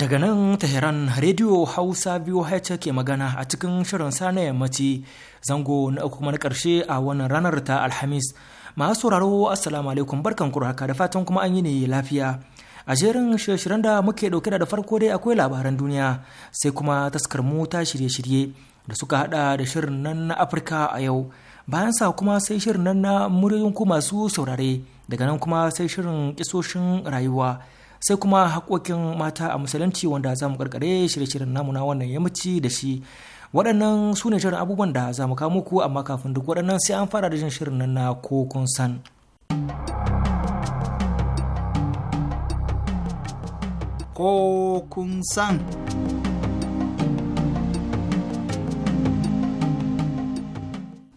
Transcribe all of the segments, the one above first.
Daga nan Teheran Radio Hausa biyu haice ke magana a cikin shirin sa na yammaci zango na uku kuma na ƙarshe a wannan ranar ta Alhamis. Masu sauraro Assalamu alaikum barkan kuraka da fatan kuma an yi ne lafiya. A jerin shirye da muke ɗauke da farko dai akwai labaran duniya sai kuma taskar mota shirye-shirye da suka hada da shirin nan na Afirka a yau. Bayan sa kuma sai shirin nan na muryoyin masu saurare daga nan kuma sai shirin kisoshin rayuwa. sai kuma haƙoƙin mata a musulunci wanda za mu karkare shirye-shiryen namu na wannan yammaci da shi waɗannan su ne shirin abubuwan da za mu kawo muku amma kafin duk waɗannan sai an fara da jin shirin nan na kun san kokun san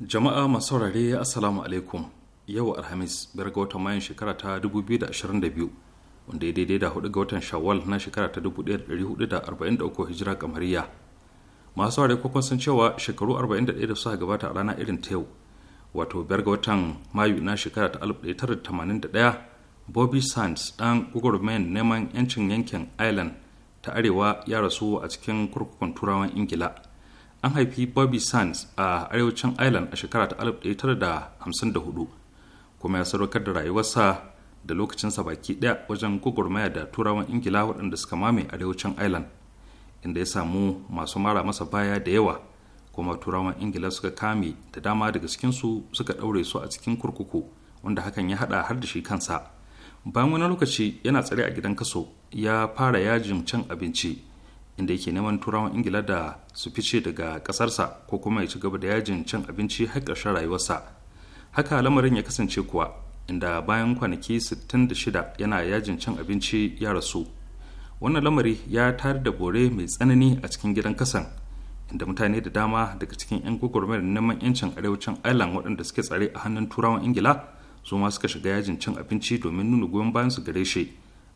jama'a masu saurare assalamu alaikum yau alhamis biyar ga watan mayan shekara ta 2022 wanda ya daidai da hudu ga watan shawwal na shekara ta 1443 hijira kamariya masu ware kwakwan sun cewa shekaru 41 da suka gabata a rana irin ta yau wato biyar ga watan mayu na shekara ta 1981 bobby sands dan gwagwarmayan neman yancin yankin ireland ta arewa ya rasu a cikin kurkukun turawan ingila an haifi bobby sands a arewacin ireland a shekara ta 1954 kuma ya sadaukar da rayuwarsa da lokacinsa baki ɗaya wajen gwagwarmaya da turawan ingila waɗanda suka mame arewacin island inda ya samu masu mara masa baya da yawa kuma turawan ingila suka kame da dama daga cikinsu suka ɗaure su a cikin kurkuku wanda hakan ya haɗa har da shi kansa bayan wani lokaci yana tsare a gidan kaso ya fara yajin cin abinci inda yake neman turawan ingila da su fice daga ƙasarsa ko kuma ya ci gaba da yajin cin abinci har ƙarshen rayuwarsa haka lamarin ya kasance kuwa inda bayan kwanaki 66 yana yajin cin abinci ya rasu wannan lamari ya tayar da bore mai tsanani a cikin gidan kasan inda mutane da dama daga cikin 'yan gwagwarmayar neman 'yancin arewacin ireland waɗanda suke tsare a hannun turawan ingila su ma suka shiga yajin cin abinci domin nuna goyon bayan su gare shi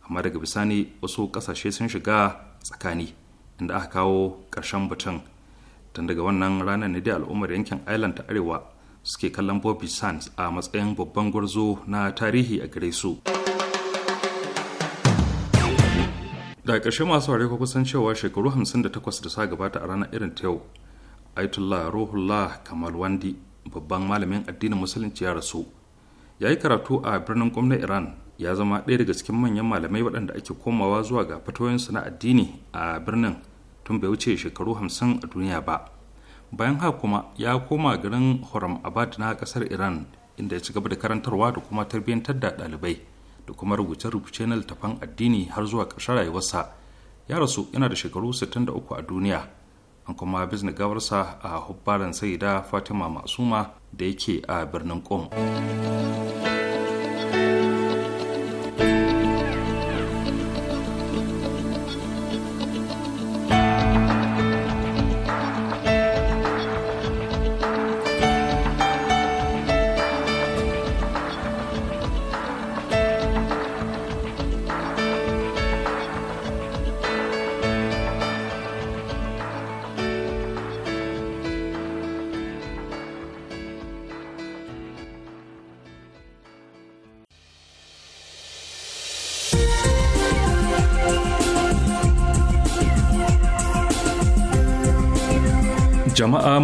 amma daga bisani wasu ƙasashe sun shiga tsakani inda aka kawo ƙarshen batun tun daga wannan ranar ne dai al'ummar yankin ireland ta arewa suke kallon Bobby Sands a matsayin babban gwarzo na tarihi a gare su. Daga ƙarshe masu ware kusan cewa shekaru 58 da sa gabata a ranar irin ta yau, Aitullah Ruhullah Kamal Wandi, babban malamin addinin Musulunci ya rasu. Ya yi karatu a birnin gwamnan Iran ya zama ɗaya daga cikin manyan malamai waɗanda ake komawa zuwa ga fatoyinsu na addini a birnin tun bai wuce shekaru 50 a duniya ba. bayan haka kuma ya koma garin horam abad na kasar iran inda ya ci gaba da karantarwa da kuma tarbiyyantar da ɗalibai da kuma rubuce-rubuce na littafan addini har zuwa ƙarshen rayuwarsa ya rasu yana da shekaru 63 a duniya an kuma bisne gawarsa a hubbaran saida fatima masuma da yake a birnin qom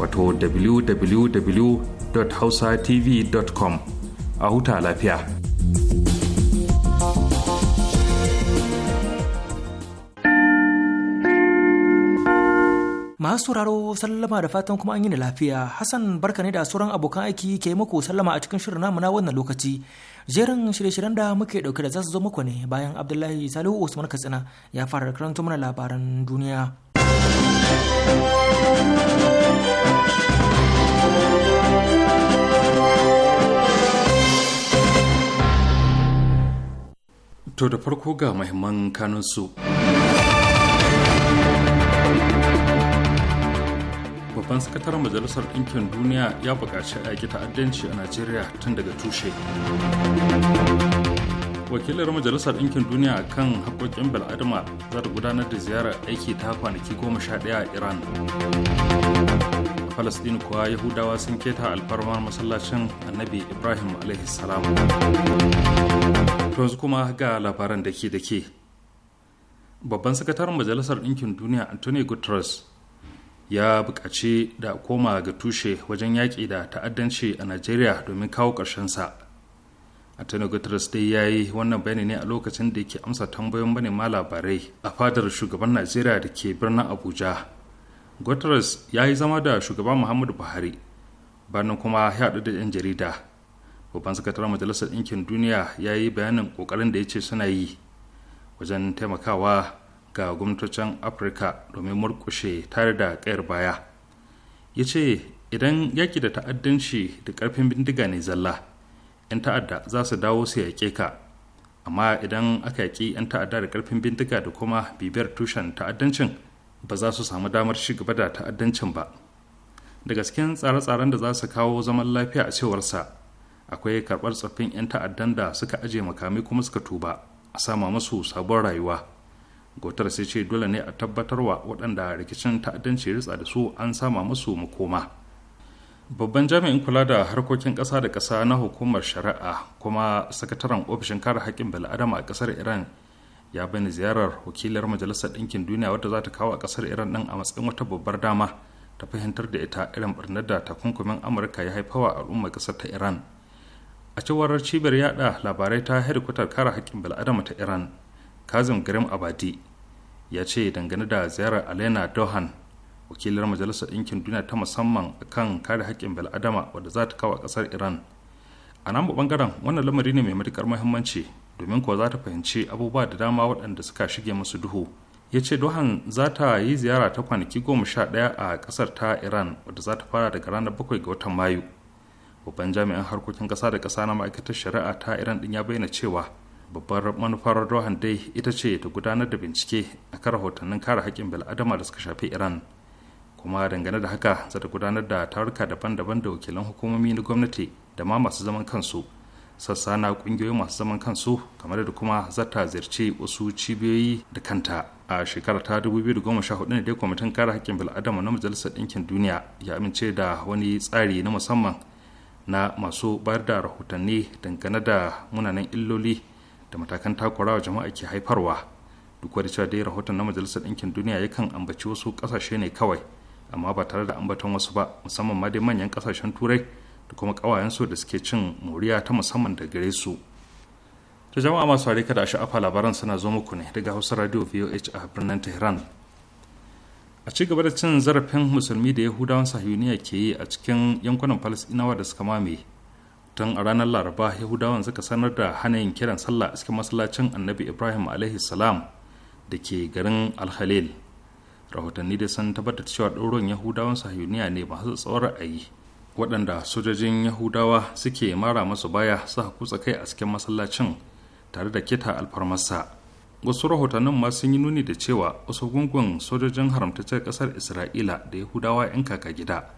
wato www.hausatv.com a huta lafiya. Masu sauraro sallama da fatan kuma an yi da lafiya Hassan barka ne da sauran abokan aiki ke muku sallama a cikin shirin namu na wannan lokaci jerin shirye-shiryen da muke dauke da zasu zo muku ne bayan Abdullahi Salihu Usman Katsina ya fara karanta mana labaran duniya. To da farko ga muhimman kanunsu. Babban sakataren Majalisar Ɗinkin Duniya ya buƙaci aiki ta'addanci a Najeriya tun daga tushe. Wakilar Majalisar Ɗinkin Duniya kan haƙoƙin bil'adama za ta gudanar da ziyarar aiki ta kwanaki goma sha ɗaya a Iran. falastin kuwa yahudawa sun keta alfarmar masallacin annabi ibrahim salam yanzu kuma ga labaran da ke da ke babban sakataren majalisar ɗinkin duniya anthony guterres ya buƙaci da koma ga tushe wajen yaƙi da ta'addanci a najeriya domin kawo ƙarshensa Antony guterres dai ya yi wannan bayani ne a lokacin da yake amsa tambayoyin manema labarai a fadar shugaban najeriya da ke birnin abuja guterres ya yi zama da shugaban muhammadu buhari bayan kuma ya haɗu da 'yan jarida babban sakataren majalisar ɗinkin duniya ya yi bayanin ƙoƙarin da ya ce suna yi wajen taimakawa ga gwamnatocin afirka domin murƙushe tare da ƙayar baya ya ce idan yaƙi da ta'addanci da ƙarfin bindiga ne zalla 'yan ta'adda za su dawo su yaƙe ka amma idan aka yaƙi 'yan ta'adda da ƙarfin bindiga da kuma bibiyar tushen ta'addancin ba za su samu damar ci gaba da ta'addancin ba da gasken tsare-tsaren da za su kawo zaman lafiya a cewarsa akwai karɓar tsoffin 'yan ta'addan da suka ajiye makamai kuma suka tuba a sama masu sabon rayuwa gotar sai ce dole ne a tabbatarwa waɗanda rikicin ta'addanci ritsa da su an sama masu makoma babban jami'in kula da harkokin ƙasa da ƙasa na hukumar shari'a kuma sakataren ofishin kare haƙƙin bil'adama a ƙasar iran ya bani ziyarar wakilar majalisar ɗinkin duniya wadda za ta kawo a ƙasar iran ɗin a matsayin wata babbar dama ta fahimtar da ita irin barnar da takunkumin amurka ya haifawa al'ummar ƙasar ta iran a cewar cibiyar yaɗa labarai ta hedikwatar kare haƙƙin bil'adama ta iran kazim grim abadi ya ce dangane da ziyarar alena dohan wakilar majalisar ɗinkin duniya ta musamman kan kare haƙƙin bil'adama wadda za ta kawo a ƙasar iran a nan ɓangaren wannan lamari ne mai matuƙar muhimmanci domin kuwa za ta fahimci abubuwa da dama waɗanda suka shige musu duhu ya ce dohan za ta yi ziyara ta kwanaki goma sha ɗaya a kasar ta iran wadda za ta fara daga ranar bakwai ga watan mayu babban jami'an harkokin kasa da kasa na ma'aikatar shari'a ta iran ɗin ya bayyana cewa babbar manufar dohan dai ita ce ta gudanar da bincike a kan rahotannin kare haƙƙin bil'adama da suka shafi iran kuma dangane da haka za ta gudanar da taruka daban-daban da wakilan hukumomi na gwamnati da ma masu zaman kansu sassa na kungiyoyi masu zaman kansu kamar da kuma zata ziyarci wasu cibiyoyi da kanta a shekara ta 2014 ne dai kwamitin kare haƙƙin bil'adama na majalisar ɗinkin duniya ya amince da wani tsari na musamman na masu bayar da rahotanni dangane da munanan illoli da matakan takurawa jama'a ke haifarwa duk da cewa dai rahoton na majalisar ɗinkin duniya yakan ambaci wasu ƙasashe ne kawai amma ba tare da ambaton wasu ba musamman ma dai manyan ƙasashen turai da kuma ƙawayensu da suke cin moriya ta musamman da gare su ta jama'a masu kada da afa labaran suna zo muku ne daga hausa radio voh a birnin tehran a ci gaba da cin zarafin musulmi da yahudawan sahiyuniya ke yi a cikin yankunan falasɗinawa da suka mame tun a ranar laraba yahudawan suka sanar da hana yin kiran sallah a cikin masallacin annabi ibrahim alaihi salam da ke garin alhalil rahotanni da sun tabbatar cewa ɗaurin yahudawan sahiyuniya ne masu tsawon ra'ayi waɗanda sojojin yahudawa suke mara masu baya suka kutsa kai a cikin masallacin tare da keta alfarmarsa wasu rahotannin ma sun yi nuni da cewa wasu gungun sojojin haramtaccen kasar isra'ila da yahudawa 'yan kaka gida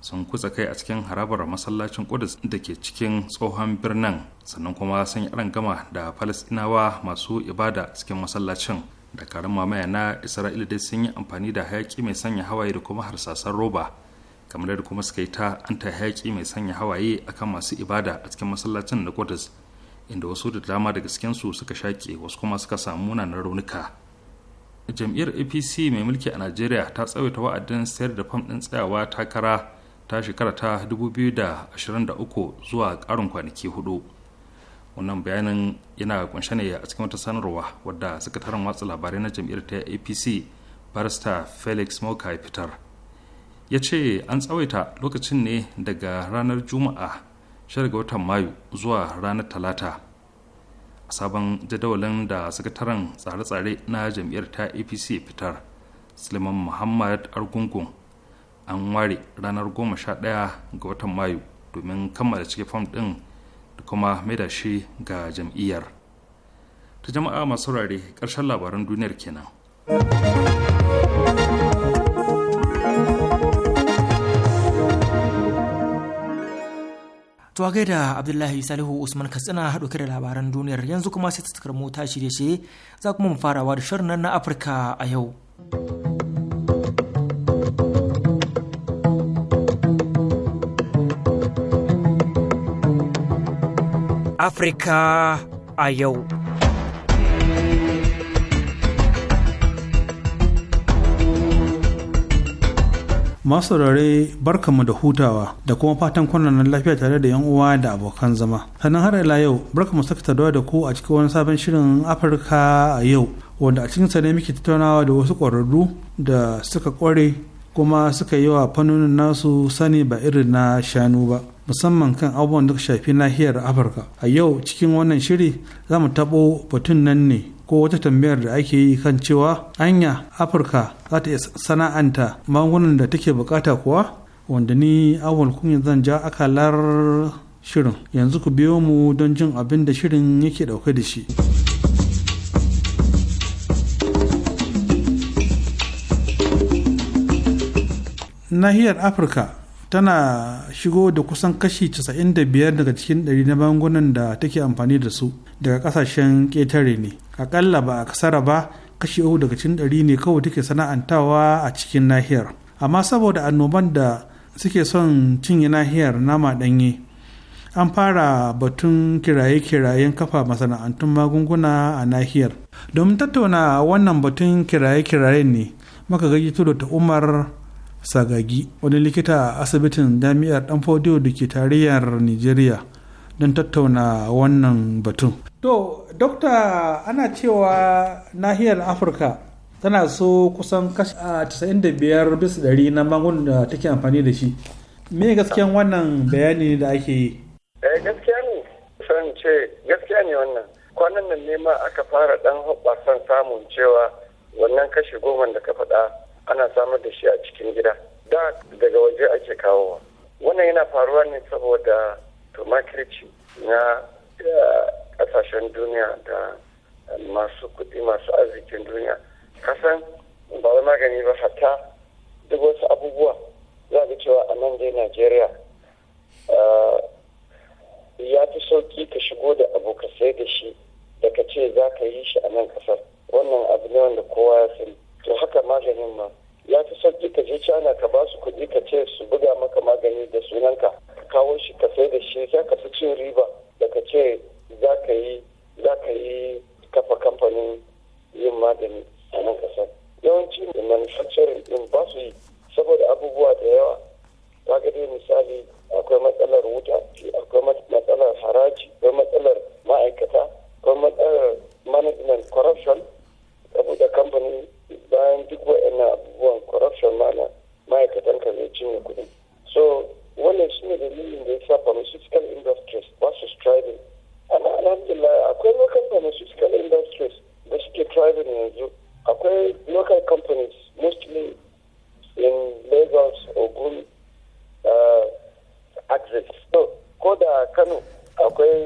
sun kutsa kai a cikin harabar masallacin kudus da ke cikin tsohon birnin sannan kuma sun yi gama da falasinawa masu ibada cikin masallacin da karin mamaya na isra'ila dai sun yi amfani da hayaki mai sanya hawaye da kuma harsasan roba kamar yadda kuma suka yi ta an ta yaƙi mai sanya hawaye akan masu ibada a cikin masallacin na Qudus inda wasu da dama daga cikin su suka shaƙe wasu kuma suka samu munanan raunuka jam'iyyar apc mai mulki a najeriya ta tsawaita wa'adin sayar da fam din tsayawa takara ta shekara ta 2023 zuwa karin kwanaki hudu wannan bayanin yana kunshe ne a cikin wata sanarwa wadda sakataren watsa labarai na jam'iyyar ta apc barista felix moka fitar ya ce an tsawaita lokacin ne daga ranar juma'a shirya ga watan mayu zuwa ranar talata a sabon jadawalin da sakataren tsare-tsare na jam'iyyar ta apc fitar suleiman muhammad argungun an ware ranar 11 ga watan mayu domin kammala cike fom ɗin da kuma maida shi ga jam'iyyar ta jama'a masu rare ƙarshen labaran duniyar kenan. To a gaida Abdullahi Salihu Usman Katsina haɗu da labaran duniyar yanzu kuma sai ta mu ta shirye shirye za kuma mu farawa da shirin nan na Afirka a yau. Afirka a yau. masu rare barkanmu da hutawa da kuma fatan kwanan lafiya tare da yan uwa da abokan zama sannan har ila yau barkanmu saka ta da ku a cikin wani sabon shirin afirka a yau wanda a cikin ne muke tattaunawa da wasu ƙwararru da suka kware kuma suka yi wa fannonin nasu sani ba irin na shanu ba musamman kan abubuwan da shafi nahiyar afirka a yau cikin wannan shiri za mu taɓo batun nan ne ko wata tambayar da ake yi kan cewa anya afirka za ta iya sana'anta magungunan da take bukata kuwa wanda ni awal kunya zan ja akalar shirin yanzu ku biyo mu don jin abin da shirin yake dauke da shi nahiyar afirka tana shigo da kusan kashi 95 daga cikin ɗari na bangunan da take amfani da su daga kasashen ƙetare ne akalla ba a kasara ba kashi uku daga cikin ɗari ne kawai take sana'antawa a cikin nahiyar amma saboda annoban da suke son cinye nahiyar nama ɗanye an fara batun kiraye-kirayen kafa masana'antun magunguna a nahiyar domin tattauna wannan batun kiraye-kirayen ne maka gaji da ta umar sagagi wani likita a asibitin jami'ar dan fodiyo da ke tarayyar nigeria don tattauna wannan batun to dokta ana cewa nahiyar afirka tana so kusan kashi 95 bis 100 na magun da take amfani da shi me gaskiyan wannan bayani da ake yi eh, gaskiya ne san ce gaskiya ne wannan kwanan nan ne ma aka fara dan hoɓasan samun cewa wannan kashi goma da ka faɗa ana samar da shi a cikin gida da daga waje ake kawowa wannan yana faruwa ne saboda tumakirci na kasashen eh, duniya da masu kudi masu arzikin duniya kasan ba wai magani ba hatta duk wasu abubuwa za ga cewa a nan dai najeriya eh, ya fi sauki ka shigo da abu ka sai da shi da ka ce za ka yi shi a nan kasar wannan abu ne wanda kowa ya sani to haka maganin ma ya fi son ka je cana ka ba su kuɗi ka ce su buga maka magani da sunanka ka kawo shi ka sai da shi za ka fi cin riba da ka ce za ka yi za ka yi kafa kamfanin yin magani a nan kasar yawanci manufacturing din ba su yi saboda abubuwa da yawa ta gade misali akwai matsalar wuta akwai matsalar haraji akwai matsalar ma'aikata akwai matsalar management corruption saboda kamfanin bayan duk wa'annan abubuwan corruption mana ma'aikatan ka zai cinye kuɗi so wannan shi ne dalilin da ya sa pharmaceutical industries ba su striving ana alhamdulillah akwai local pharmaceutical industries da suke striving yanzu akwai local companies mostly in lagos ogun uh, access so ko da kano akwai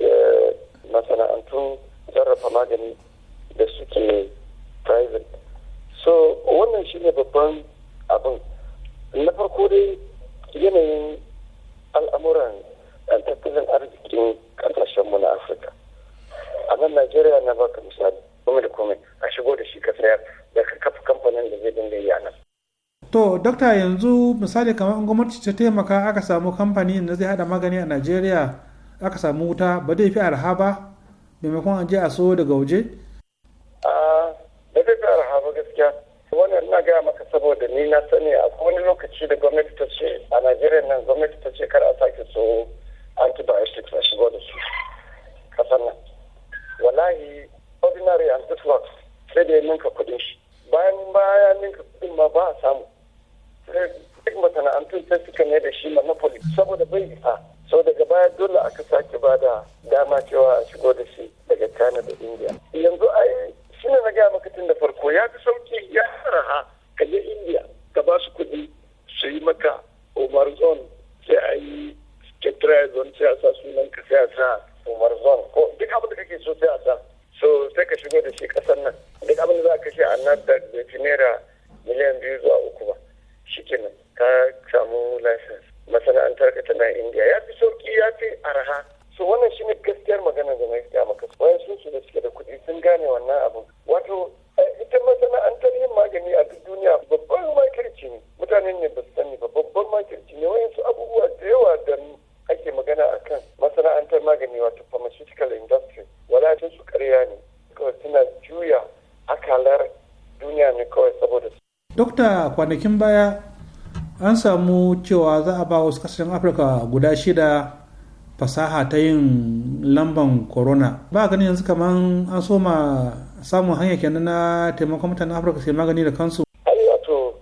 eh, masana'antun sarrafa magani da suke private so wannan shi ne babban abin na farko dai yanayin al'amuran tattalin arzikin mu na afirka a nan najeriya na baka misali kome da kome a shigo da shi ka sayar da ka kafa kamfanin da zai dinga yi a nan to dokta yanzu misali kamar gwamnati ta taimaka aka samu kamfani da zai hada magani a najeriya aka samu wuta ba zai fi arha ba maimakon an je a so daga waje wannan na gaya maka saboda ni na sani a wani lokaci da gwamnati ta ce a najeriya nan gwamnati ta ce kar a sake so antibiotics a shigo da su kasar nan wallahi ordinary antibiotics sai da ya ninka kudin shi bayan baya ninka kudin ma ba a samu duk masana'antun sai suka ne da shi monopoly saboda bai isa sau daga baya dole aka sake bada. da dama cewa a shigo da shi daga china da india yanzu ai suna na gaya maka tun da farko ya fi sauki ya raha ka je indiya ka ba su kuɗi su yi maka umar zone sai a yi ketrai zone sai a sa sunan ka sai a sa umar zone ko duk abin da kake so sai a sa so sai ka shigo da shi kasan nan duk abin za ka shi a nan da naira miliyan biyu zuwa uku ba shi kenan ka samu license masana'antar ka ta na indiya ya fi sauki ya fi araha so wannan shine gaskiyar magana da mai gaya maka bayan sun su da suke da kuɗi sun gane wannan abu? wato eh, ita masana'antar yin magani a duk duniya babban makirci ne mutanen ne ba su sani ba babban makirci ne su abubuwa da yawa da ake magana a kan masana'antar magani wato pharmaceutical industry wadatun su karya ne kawai suna juya akalar duniya ne kawai saboda su. Dokta kwanakin baya an samu cewa za a ba wasu kasashen Afirka guda shida fasaha ta yin lamban corona ba gani yanzu kamar an soma samun hanya kenan na taimakon mutanen afirka sai magani da kansu ai wato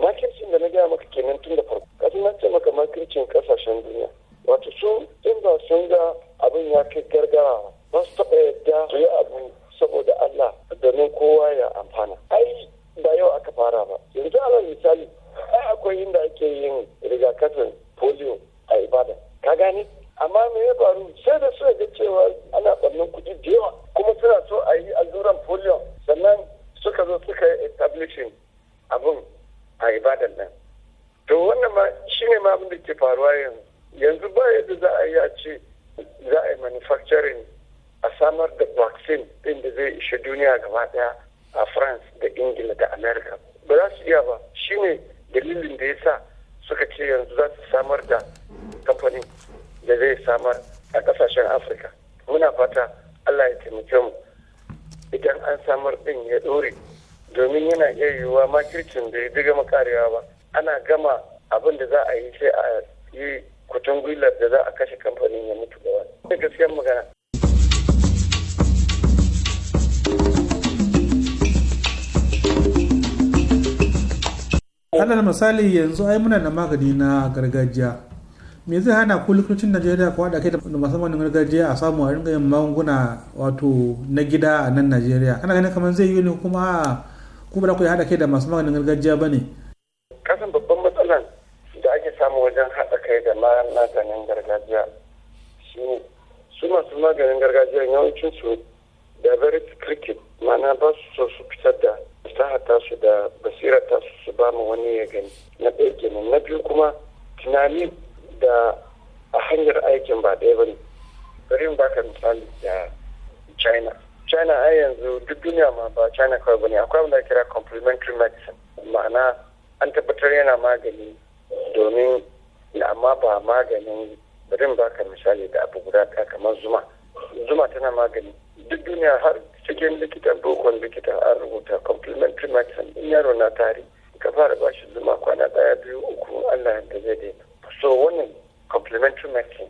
makircin da na gaya maka kenan tun da farko kasu na ce maka makircin kasashen duniya wato su in ba sun ga abin ya kai gargara ba su taɓa yadda su yi abu saboda allah domin kowa ya amfana ai ba yau aka fara ba yanzu alal misali ai akwai inda ake yin rigakafin polio a ibadan ka gane amma me ya faru sai da suka ga cewa ana ɓarnin kuɗi da yawa kuma suna so a yi alluran polio sannan suka zo suka yi establishin abin a ibadan nan to wannan ma shi ne ma da ke faruwa yanzu yanzu ba yadda za a yi a ce za a yi manufacturing a samar da vaccine ɗin da zai ishe duniya gaba ɗaya a france da ingila da america ba za su iya ba shine dalilin da ya sa suka ce yanzu za su samar da kamfanin da zai samar a kasashen afirka muna fata allah ya taimake mu idan an samar din ya dore domin yana iya yiwuwa makircin da ya gama karewa ba ana gama abin da za a yi sai a yi kutun gwilar da za a kashe kamfanin ya mutu gaba da gaskiyar magana alal misali yanzu ai muna da magani na gargajiya me zai hana ku likitocin najeriya ku haɗa kai da musamman gargajiya a samu a ringa yin magunguna wato na gida a nan najeriya kana ganin kamar zai yi ne kuma ku ba ku haɗa kai da masu maganin gargajiya ba ne. kasan babban matsalar da ake samu wajen haɗa kai da maganin gargajiya ne su masu maganin gargajiya yawancin su da very cricket mana ba su so su fitar da fasaha su da basira tasu su ba mu wani ya gani na ɗaya kenan na biyu kuma tunani da a hanyar aikin ba ɗaya ba ne bari in baka misali da china china a yanzu duk duniya ma ba china kawai ba ne akwai wanda kira complementary medicine ma'ana an tabbatar yana magani domin amma ba maganin bari in baka misali da abu guda ɗaya kamar zuma zuma tana magani duk duniya har cikin likita bukon likita an rubuta complementary medicine in yaro na tari ka fara bashi zuma kwana ɗaya biyu uku allah da zai daina direction.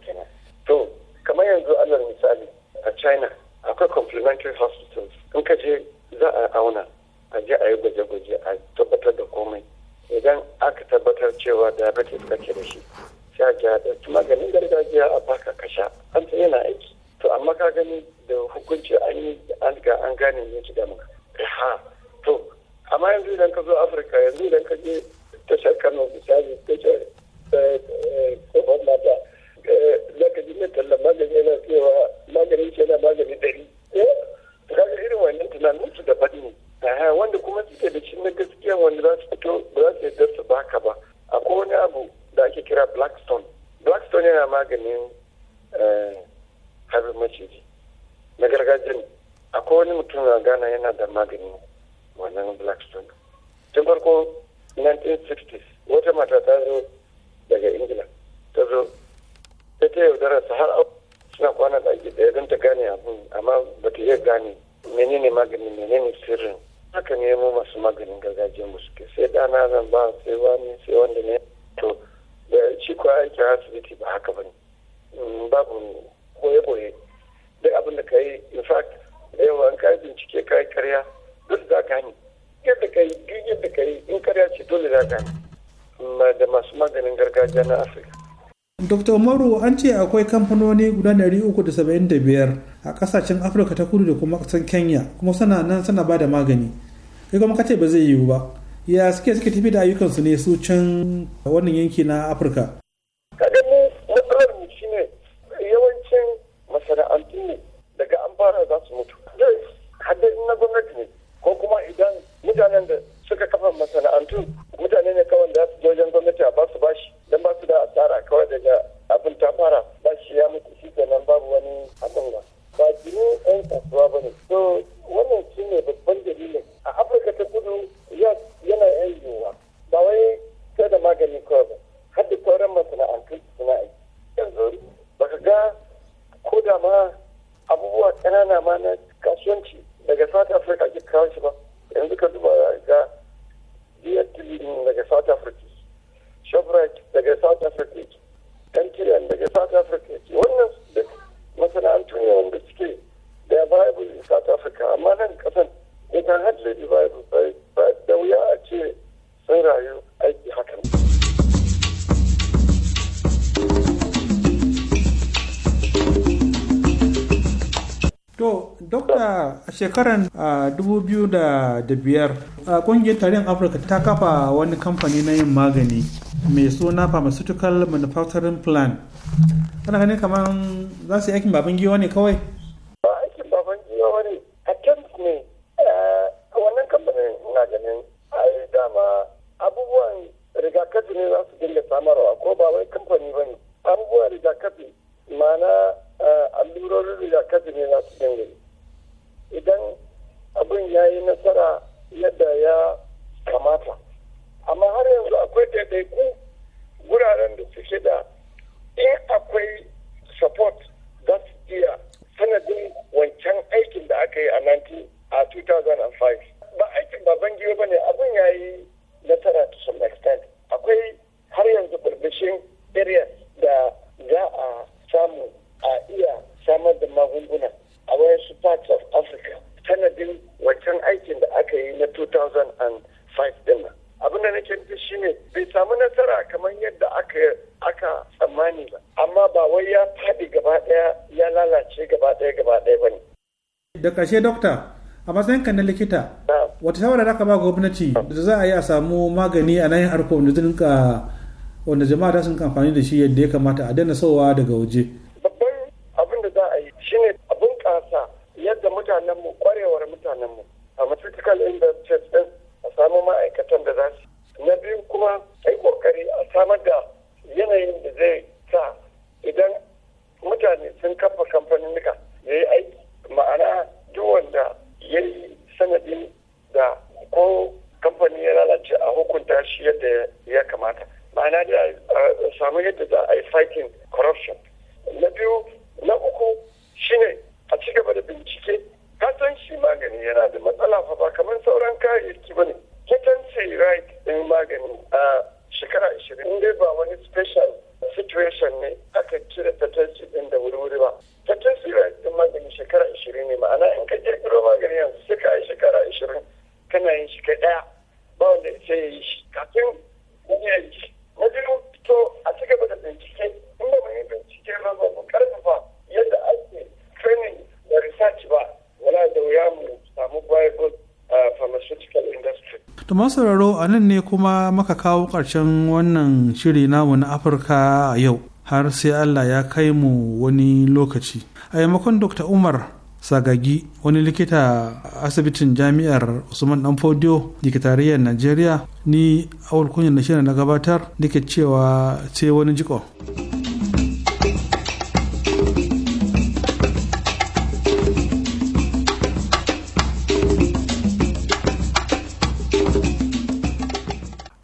ce akwai kamfanoni guda 375 a kasashen afirka ta kudu da kuma kasan kenya kuma suna nan suna ba da magani kai kuma ka ba zai yiwu ba ya suke suke tafi da ayyukansu ne su can wannan yanki na afirka kaga mu matsalar mu shine yawancin masana'antu ne daga an za su mutu in na gwamnati ne ko kuma idan mutanen da suka kafa masana'antu mutane ne kawai da su wajen gwamnati a ba su bashi don su da asara kawai daga abin ta fara ba shi ya mutu shi kenan babu wani abin ba ba jini yan kasuwa shekarar 2005 a kungiyar tarihin afirka ta kafa wani kamfani na yin magani mai suna pharmaceutical manufacturing plan ana ganin kamar za su yi aikin baban giwa ne kawai da za a samu a iya samar da magunguna a wasu parts of africa sanadin wancan aikin da aka yi na 2005 din nan abin da nake shi shine bai samu nasara kamar yadda aka tsammani ba amma ba wai ya faɗi gaba ɗaya ya lalace gaba ɗaya gaba ɗaya ba ne da ƙarshe dokta a matsayin ka na likita wata shawara da aka ba gwamnati da za a yi a samu magani a nan harkar da wanda jama'a da sun amfani da shi yadda ya kamata a daina sauwa daga waje. Babban abin da za a yi shine abin ƙasa yadda mutanenmu kwarewar mutanenmu a industries din a samu ma'aikatan da za su. Na biyu kuma a yi ƙoƙari a samar da yanayin da zai sa idan mutane sun kafa kamfanin nika ya yi aiki ma'ana duk wanda ya yi sanadin da ko kamfani ya lalace a hukunta shi yadda ya kamata. ma'ana da samu yadda za a yi fighting corruption na biyu na uku shine a ci gaba da bincike katon shi magani yana da matsala fa ba kamar sauran kayayyaki ba ne kitance right in magani a shekara ashirin in dai ba wani special situation ne aka cire patency ɗin da wuri-wuri ba patency right in magani shekara ashirin ne ma'ana in ka kirkiro magani yanzu sai ka yi shekara ashirin kana yin shi ka ɗaya ba wanda ya yi shi kafin wani ya yi shi na biyu fito, a ci gaba da bincike in ba mu bincike ba ba mu karfafa yadda ake training da research ba wala da wuya mu samu viable pharmaceutical industry. To sauraro a nan ne kuma maka kawo ƙarshen wannan shiri namu na Afirka a yau har sai Allah ya kai mu wani lokaci. A yamakon Dr. Umar sagagi wani likita asibitin jami'ar usman dan fodio dikitariyyar najeriya ni awal kunyar na shirin na gabatar dake cewa ce wani jiko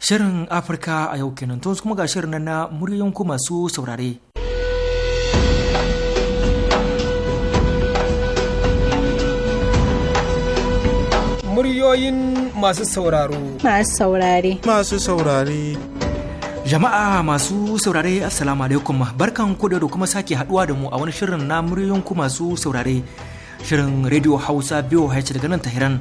Shirin Afirka a yau kenan to kuma ga shirin na muryoyin masu saurare. muryoyin masu sauraro. Masu saurare. Masu saurare. Jama'a masu saurare Assalamu alaikum barkan ku da kuma sake haduwa da mu a wani shirin na muryoyin ku masu saurare. Shirin Radio Hausa BOH daga nan Tahiran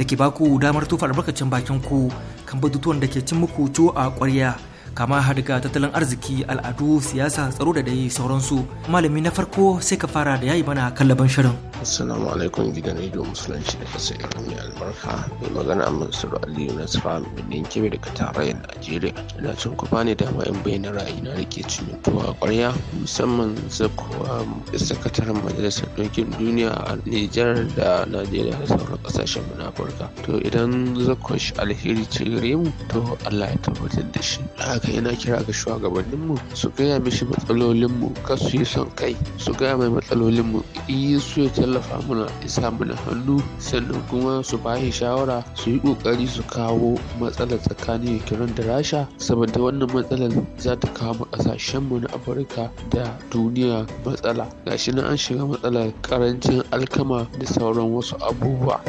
da ke baku damar tufa albarkacin bakin ku kan batutuwan da ke cin muku a ƙwarya. kama har daga tattalin arziki al'adu siyasa tsaro da dai sauransu malami na farko sai ka fara da yayi mana kallaban shirin assalamu alaikum gidan ido musulunci da kasa irin mai albarka mai magana mansur aliyu na sirami da ninke daga tarayyar najeriya ina cin kufa ne da ma'in bayyana ra'ayi na rike cinye tuwa kwarya musamman zakuwa sakataren majalisar Dokin duniya a nijar da najeriya da sauran ƙasashen mu na afirka to idan zakuwa alheri ce gare mu to allah ya tabbatar da shi haka yana kira ga shugabanninmu su gaya mishi matsalolinmu kar su yi son kai su gaya mai matsalolinmu in su ya tallafa mana isa mana hannu sannan kuma su bashi shawara su yi kokari su kawo matsalar tsakanin ukraine da rasha saboda wannan matsalar za ta kawo ma kasashenmu na afirka da duniya matsala gashi nan an shiga matsalar karancin alkama da sauran wasu abubuwa.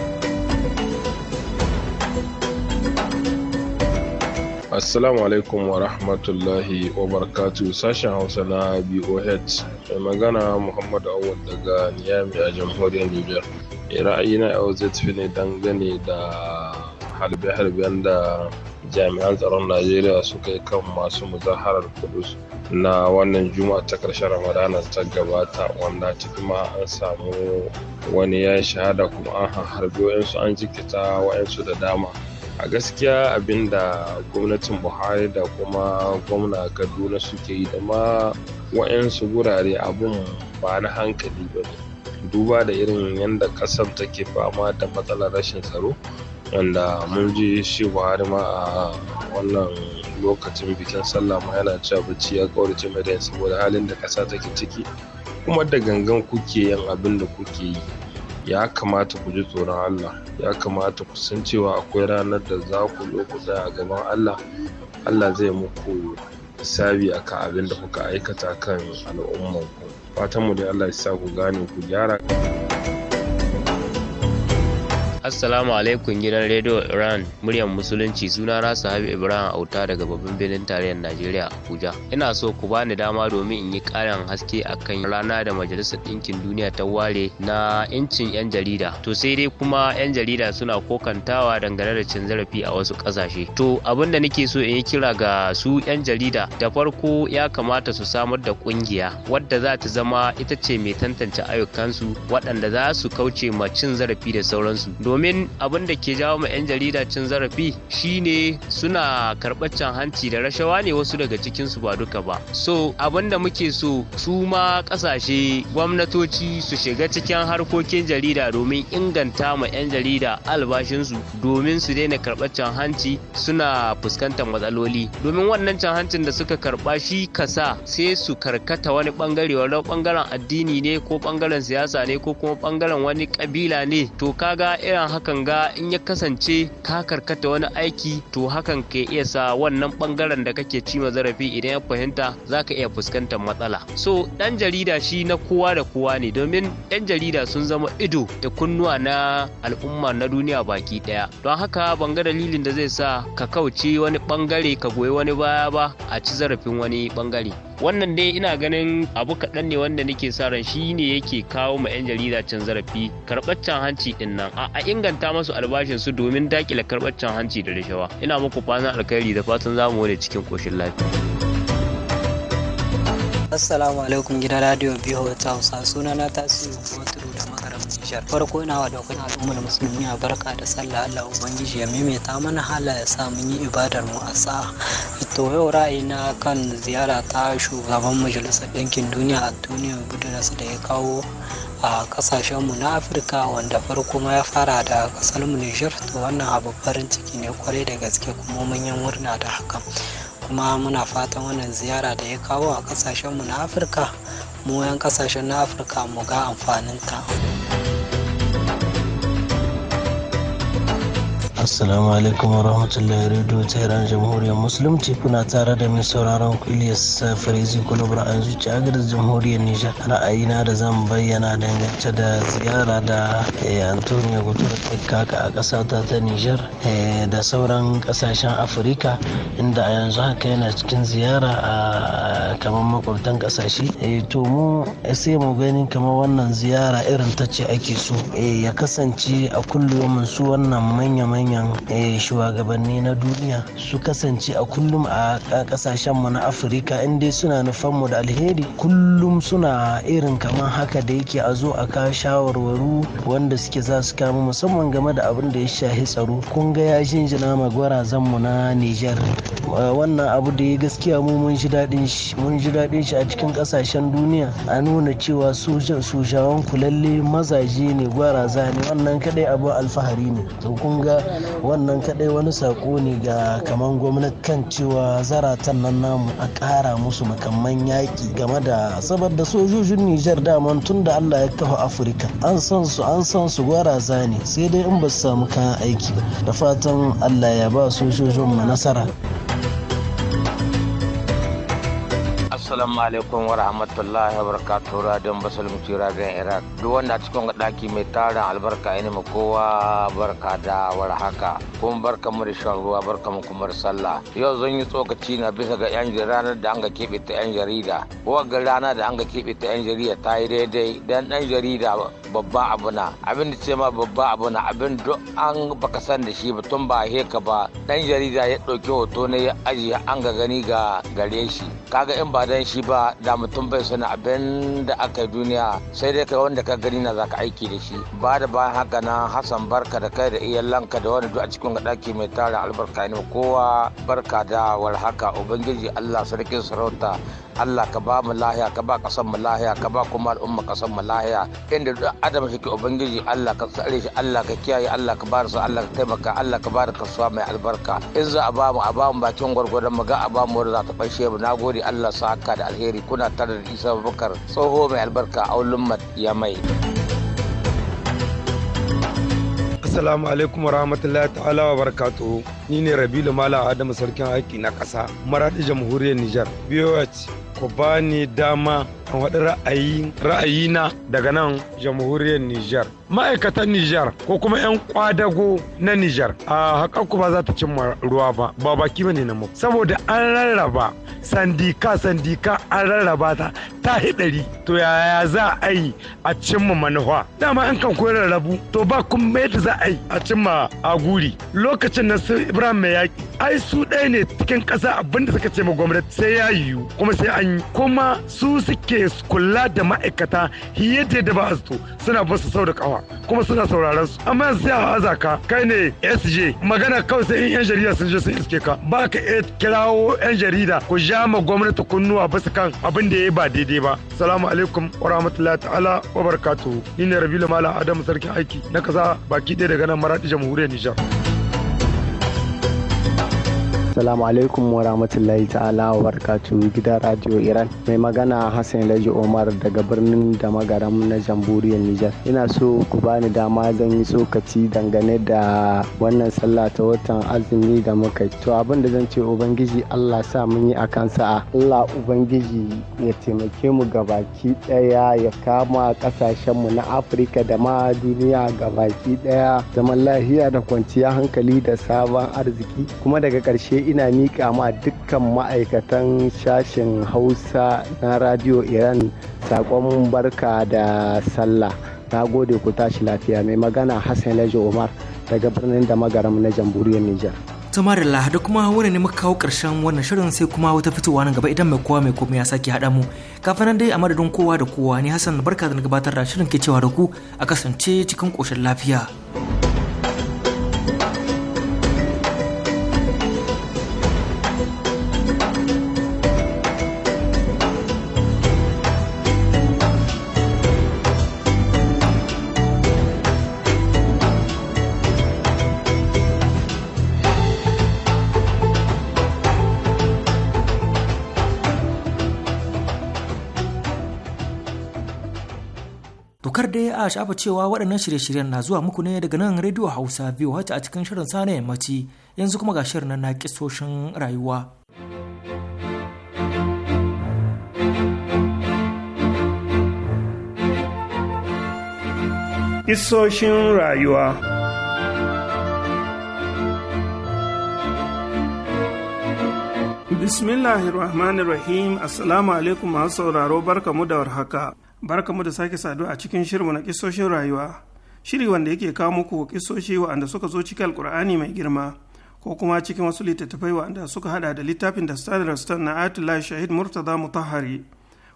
Assalamu alaikum wa rahmatullahi wa barakatuh sashen Hausa na BOH mai magana Muhammadu Awad daga Niyami a jamhuriyar Nijar. Eh, ra'ayina yau zai tafi ne dangane da harbe-harben da jami'an tsaron Najeriya suka yi kan masu muzaharar kudus na wannan juma'a ta karshen ramadana ta gabata wanda ciki ma an samu wani ya shahada kuma an harbe wa'yansu an jikita wa'yansu da dama a gaskiya abinda gwamnatin buhari da kuma gwamna kaduna suke yi da ma wa'yansu gurare abun ba na hankali ba ne duba da irin yadda ƙasar take fama da matsalar rashin tsaro wanda mun ji shi buhari ma a wannan lokacin bikin sallah ma yana cewa bacci ya kaurace mai saboda halin da ƙasa take ciki kuma da gangan kuke yin abin da kuke yi ya kamata ku ji tsoron Allah ya kamata ku san cewa akwai ranar da za ku zo ku a gaban Allah Allah zai muku hisabi akan abin da kuka aikata kan al'ummanku fatanmu dai Allah ya sa ku gane ku gyara Assalamu alaikum gidan Radio Iran muryar musulunci suna na habi Ibrahim Auta daga babban birnin tarayyar Najeriya Abuja. Ina so ku bani dama domin in yi karin haske akan rana da Majalisar Ɗinkin Duniya ta ware na incin 'yan jarida. To sai dai kuma 'yan jarida suna kokantawa dangane da cin zarafi a wasu kasashe To abin da nake so in yi kira ga su 'yan jarida da farko ya kamata su samar da ƙungiya wadda za ta zama ita ce mai tantance ayyukansu waɗanda za su kauce ma cin zarafi da sauransu. domin abin da ke jawo ma 'yan jarida cin zarafi shine suna karɓar can hanci da rashawa ne wasu daga cikinsu ba duka ba so abin da muke so su ma kasashe gwamnatoci su shiga cikin harkokin jarida domin inganta ma 'yan jarida albashinsu domin su daina karɓar can hanci suna fuskantar matsaloli domin wannan can hancin da suka karɓa shi kasa sai su karkata wani bangare wani bangaren addini ne ko bangaren siyasa ne ko kuma bangaren wani kabila ne to kaga irin akan hakan ga in ya kasance ka karkata wani aiki to hakan ke iya sa wannan bangaren da kake ma zarafi idan ya fahimta za ka iya fuskantar matsala so ɗan jarida shi na kowa da kowa ne domin ɗan jarida sun zama ido da kunnuwa na al'umma na duniya baki ɗaya don haka ban ga dalilin da zai sa ka kauce wani bangare ka goyi wani baya ba a ci zarafin wani bangare wannan dai ina ganin abu kaɗan ne wanda nake sa ran shi ne yake kawo ma 'yan jarida can zarafi karɓaccen hanci ɗin nan a inganta masu albashin su domin dakile karɓaccen hanci da rashawa ina muku fatan alkhairi da fatan zamu wani cikin koshin lafiya. Assalamu alaikum gidan radio biyu ta Hausa sunana tasiri wato Nijar. Farko ina wa daukan al'ummar musulmi a barka da sallah Allah Ubangiji ya maimaita mana hala ya sa mun yi ibadar mu a sa. To yau ra'ayi na kan ziyara ta shugaban majalisar ɗinkin duniya a duniyar da ya kawo a kasashenmu na afirka wanda farko ma ya fara da mu niger to wannan abu farin ciki ne kwarai da gaske kuma mun yi murna da haka kuma muna fatan wannan ziyara da ya kawo a kasashenmu na afirka mu 'yan kasashen na afirka mu ga amfanin ta Thank you. assalamu alaikum wa rahmatullahi radio ta iran jamhuriyar musulunci kuna tare da mai sauraron kuliyar farizi a an zuci agadar jamhuriyar nijar ra'ayina da zan bayyana dangance da ziyara da eh, antonio guterres kaka a ƙasa ta ta nijar eh, da sauran kasashen afirka inda a yanzu haka yana cikin ziyara a kamar makwabtan ƙasashe eh, to mu sai mu gani kamar wannan ziyara irin ta ce ake so ya kasance a kullum su wannan manya-manya manyan eh, shugabanni na duniya su kasance a kullum a kasashen mu na afirka inda suna nufan mu da alheri kullum suna irin kamar haka da yake a zo a kawo shawarwaru wanda suke za su kama musamman game da abin da ya shahi tsaro kun ga ya jinjina ma mu na niger wannan abu da ya gaskiya mu mun ji daɗin shi a cikin kasashen duniya a nuna cewa sojawan kulalle mazaje ne gwaraza ne wannan kadai abu alfahari ne to kun ga wannan kadai wani sako ne ga kamar gwamnati kan cewa zaratan nan namu a kara musu makamman yaƙi game da saboda sojojin nijar daman tun da allah ya kafa afirka an san su an san su gwaraza ne sai dai in ba su samu kayan aiki ba da fatan allah ya ba sojojin mu nasara assalamu alaikum wa rahmatullahi wa barakatuhu radiyon musulunci radiyon iraq duk wanda cikin ga daki mai tarin albarka ina mu kowa barka da warhaka kun barka mu da shan ruwa barka mu kuma sallah yau zan yi tsokaci na bisa ga yan ranar da an ga keɓe ta yan jarida wagar rana da an ga keɓe ta yan jarida ta yi daidai dan dan jarida babba abu na abin da ce ma babba abu na abin duk an baka san da shi ba tun ba heka ba dan jarida ya ɗauki hoto ne ya ajiye an ga gani ga gare shi kaga in ba zan shi ba da mutum bai sani abin da aka yi duniya sai dai kai wanda ka gani na za ka aiki da shi ba da bayan haka na hassan barka da kai da iyalanka da wani a cikin ɗaki mai tara albarka ne kowa barka da haka ubangiji allah sarkin sarauta allah ka ba mu lahiya ka ba ƙasar mu lahiya ka ba kuma al'umma ƙasar mu lahiya inda duk adam shi ke ubangiji allah ka tsare shi allah ka kiyaye allah ka ba allah ka taimaka allah ka ba da kasuwa mai albarka in za a ba mu a ba mu bakin gwargwadon mu ga a ba mu wanda za ta fashe mu nagode allah sa barka da alheri kuna tare da isa bakar tsoho mai albarka aulun ya mai Assalamu alaikum warahmatullahi ta'ala wa barakatuhu. Ni ne Rabilu mala Adamu sarkin aiki na ƙasa, Maradi jamhuriyar Nijar. BOH ku bani dama a waɗi ra'ayina daga nan jamhuriyar Nijar. Ma'aikatan Nijar ko kuma 'yan kwadago na Nijar a haƙaƙu ba za ta cimma ruwa ba, ba baki ba ne na mu. Saboda an rarraba sandika sandika an rarraba ta ta hidari to yaya za a yi a cimma manufa. Dama an kan koyar rarrabu to ba kuma yadda za a yi a cimma a guri. Lokacin na su Ibrahim mai yaƙi ai su ɗaya ne cikin ƙasa abinda suka ce ma gwamnati sai ya yiwu kuma sai a an kuma su suke kula da ma'aikata hiye da da ba su suna basu sau da kawa kuma suna sauraron su amma yanzu sai a haza ka kai ne sj magana kawai sai in yan jarida sun je sun iske ka ba ka iya kirawo yan jarida ku ja ma gwamnati kunnuwa basu kan abin da ya ba daidai ba salamu alaikum wa rahmatullahi ta'ala wa barakatuhu ni ne rabilu mala adamu sarkin aiki na kasa baki ɗaya daga nan maraɗi jamhuriyar nijar. Assalamu alaikum wa rahmatullahi ta'ala wa barkatu gidan Radio Iran. Mai magana Hassan Laji Omar daga birnin da magaram na jamhuriyar Nijar. Ina so ku bani dama zan yi tsokaci dangane da wannan sallah ta watan azumi da muka To abin da zan ce Ubangiji Allah sa mun yi akan sa'a. Allah Ubangiji ya taimake mu gabaki daya ya kama kasashen mu na Afirka da ma duniya gabaki daya zaman lafiya da kwanciya hankali da sabon arziki kuma daga ƙarshe ina miƙa ma dukkan ma'aikatan sashen hausa na radio iran saƙon barka da sallah na gode ku tashi lafiya mai magana hassan lajo umar daga birnin da magaram na jamhuriyar nijar tamarilla da kuma wani ne muka kawo ƙarshen wannan shirin sai kuma wata fitowa nan gaba idan mai kowa mai komai ya sake haɗa mu kafin nan dai a madadin kowa da kowa ne hassan barka da gabatar da shirin ke cewa da ku a kasance cikin koshin lafiya. a shafa cewa waɗannan shirye-shiryen na zuwa muku ne daga nan rediyo Hausa biyu hata a cikin shirin sana yammaci yanzu kuma ga shirin na kisoshin rayuwa. isoshin rayuwa Bismillahirrahmanirrahim Assalamu alaikum masu sauraro barkamu da warhaka. barkamu da sake saduwa a cikin shirmu na kisoshin rayuwa shiri wanda yake kawo muku kisoshi wa'anda suka zo cikin alkur'ani mai girma ko kuma cikin wasu littattafai wa'anda suka hada da littafin da standard stan na atula shahid murtaza mutahari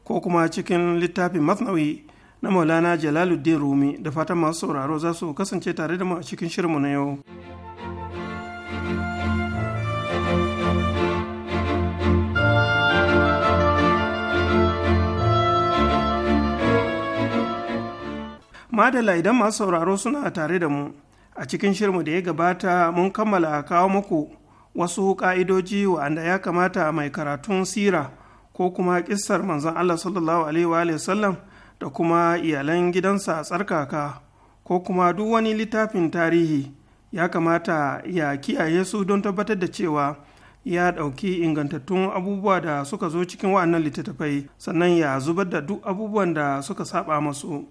ko kuma cikin littafin masnawi na maulana jalaluddin rumi da fatan masu sauraro za su kasance tare da mu a cikin shirmu na yau. madala idan masu sauraro suna tare da mu a cikin shirmu da ya gabata mun kammala kawo muku wasu ka'idoji wa'anda ya kamata mai karatun sira ko kuma kissar manzon allah sallallahu alaihi wa sallam da kuma iyalan gidansa a tsarkaka ko kuma duk wani littafin tarihi ya kamata ya kiyaye su don tabbatar da cewa ya ɗauki ingantattun abubuwa da suka zo cikin wa'annan littattafai sannan ya zubar da duk abubuwan da suka saba masu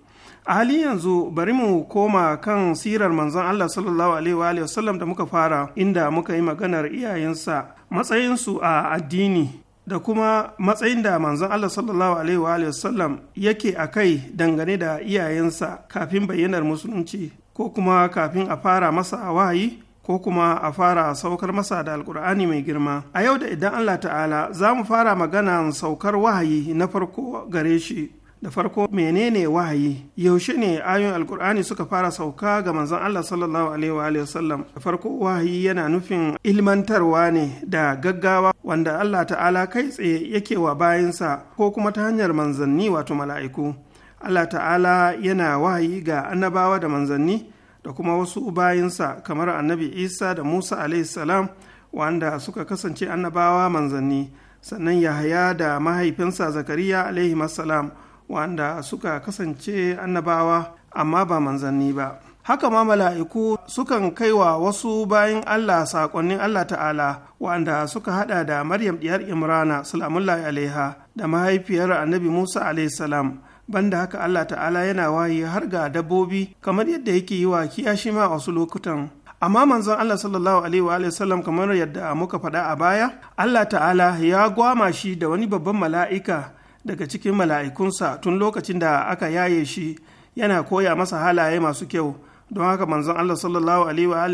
a halin yanzu bari mu koma kan sirar manzon Allah sallallahu alaihi wa sallam da muka fara inda muka yi maganar iyayensa matsayinsu a addini da kuma matsayin da manzon Allah sallallahu alaihi wa sallam yake a kai dangane da iyayensa kafin bayyanar musulunci ko kuma kafin a fara masa wahayi ko kuma a fara saukar masa da alkur'ani mai girma a yau da idan allah ta'ala za mu fara maganan saukar wahayi na farko gare shi da farko menene wahayi yaushe ne ayoyin alkur'ani suka fara sauka ga manzon Allah sallallahu alaihi wa sallam da farko wahayi yana nufin ilmantarwa ne da gaggawa wanda Allah ta'ala kai tsaye yake wa bayansa ko kuma ta hanyar manzanni wato mala'iku Allah ta'ala yana wahayi ga annabawa da manzanni da kuma wasu bayinsa kamar annabi Isa da Musa alaihi salam wanda suka kasance annabawa manzanni sannan Yahaya da mahaifinsa Zakariya alaihi salam wanda suka kasance annabawa amma ba manzanni ba haka ma mala'iku sukan kaiwa wasu bayan Allah saƙonnin Allah ta'ala wanda suka hada da Maryam diyar Imrana salamullahi alaiha da mahaifiyar annabi Musa salam banda haka Allah ta'ala yana wayi har ga dabbobi kamar yadda yake yi wa kiyashima ma wasu lokutan amma manzon Allah sallallahu alaihi wa kamar yadda muka faɗa a baya Allah ta'ala ya gwama shi da wani babban mala'ika daga cikin mala'ikunsa tun lokacin da aka yaye shi yana koya masa halaye masu kyau don haka manzon Allah sallallahu alaihi wa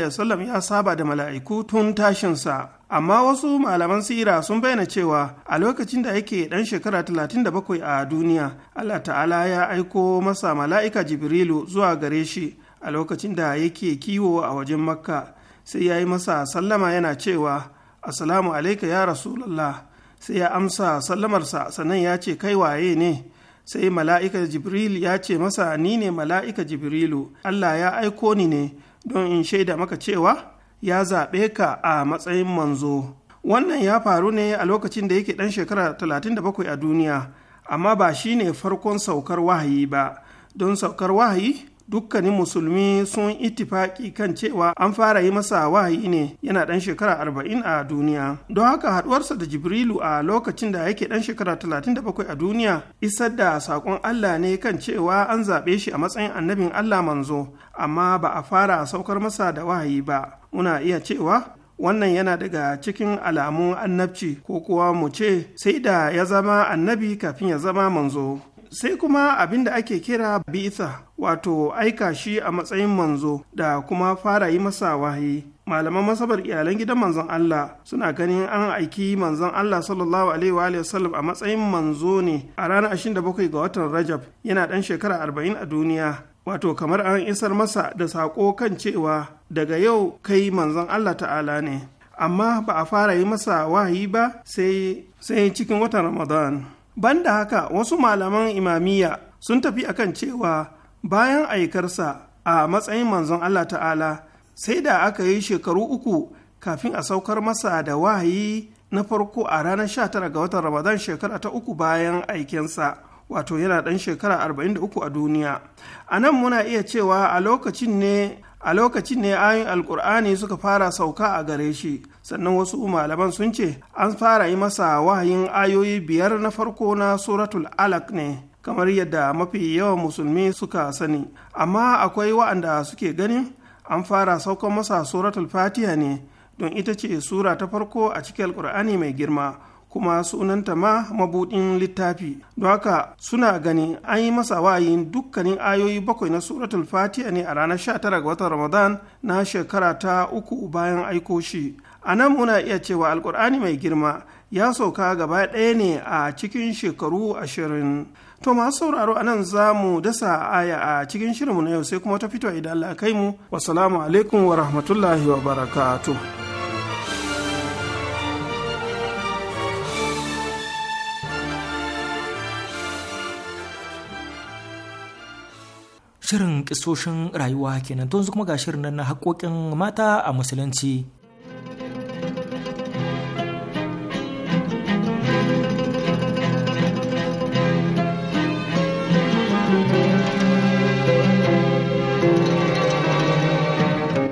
ya saba da mala'iku tun tashinsa amma wasu malaman sira sun bayyana cewa a lokacin da yake dan shekara 37 a duniya Allah ta'ala ya aiko masa mala'ika Jibrilu zuwa gare shi a lokacin da yake kiwo a wajen Makka sai ya yi masa sallama yana cewa assalamu alaika ya rasulallah sai ya amsa sallamarsa sannan ya ce kai waye ne sai mala'ika jibril ya ce masa ni ne mala'ika jibrilu allah ya aiko ni ne don in shaida maka cewa ya zaɓe ka a matsayin manzo wannan ya faru ne a lokacin da yake ɗan shekara 37 a duniya amma ba shi ne farkon saukar wahayi ba don saukar wahayi dukkanin musulmi sun ittifaki kan cewa an fara yi masa wahayi ne yana ɗan shekara arba'in a duniya don haka haduwarsa da jibrilu a lokacin da yake ɗan shekara talatin da bakwai a duniya isar da sakon allah ne kan cewa an zaɓe shi a matsayin annabin allah manzo amma ba a fara saukar masa da wahayi ba muna iya cewa wannan yana daga cikin alamun annabci ko kuwa mu ce sai da ya zama annabi kafin ya zama manzo sai kuma abin da ake kira Bisa wato aika shi a matsayin manzo da kuma fara yi masa wahayi malaman masabar iyalan gidan manzon Allah suna ganin an aiki manzon Allah sallallahu alaihi wa sallam a matsayin manzo ne a ranar 27 ga watan Rajab yana dan shekara 40 a duniya wato kamar an isar masa da saƙo kan cewa daga yau kai manzon Allah ta'ala ne amma ba a fara yi masa wahayi ba sai sai cikin watan Ramadan banda haka wasu malaman imamiyya sun tafi akan cewa bayan aikarsa a matsayin manzon Allah ta'ala sai da aka yi shekaru uku kafin a saukar masa da wahayi na farko a ranar 19 ga watan ramadan shekara ta uku bayan aikinsa, wato yana ɗan shekara 43 a duniya a nan muna iya cewa a lokacin ne a lokacin ne ayoyin alkur'ani suka fara sauka a gare shi sannan wasu malaman sun ce an fara yi masa wahayin ayoyi biyar na farko na suratul alaq ne kamar yadda mafi yawan musulmi suka sani amma akwai wa'anda suke ganin an fara saukan masa suratul fatiha ne don ita ce sura ta farko a cikin alkur'ani mai girma kuma sunanta ma mabudin littafi don haka suna ganin an yi masa wayin dukkanin ayoyi bakwai na suratul fatiha ne a ranar 19 ga watan ramadan na shekara ta uku bayan aiko shi a nan muna iya cewa alkur'ani mai girma ya sauka gaba ɗaya ne a cikin shekaru ashirin to masu sauraro a nan za mu dasa aya a cikin shirinmu na yau sai kuma ta fito idan Allah kai mu wasalamu alaikum wa rahmatullahi wa barakatuh Shirin kisoshin rayuwa kenan to yanzu kuma ga shirin nan na haƙoƙin mata a musulunci.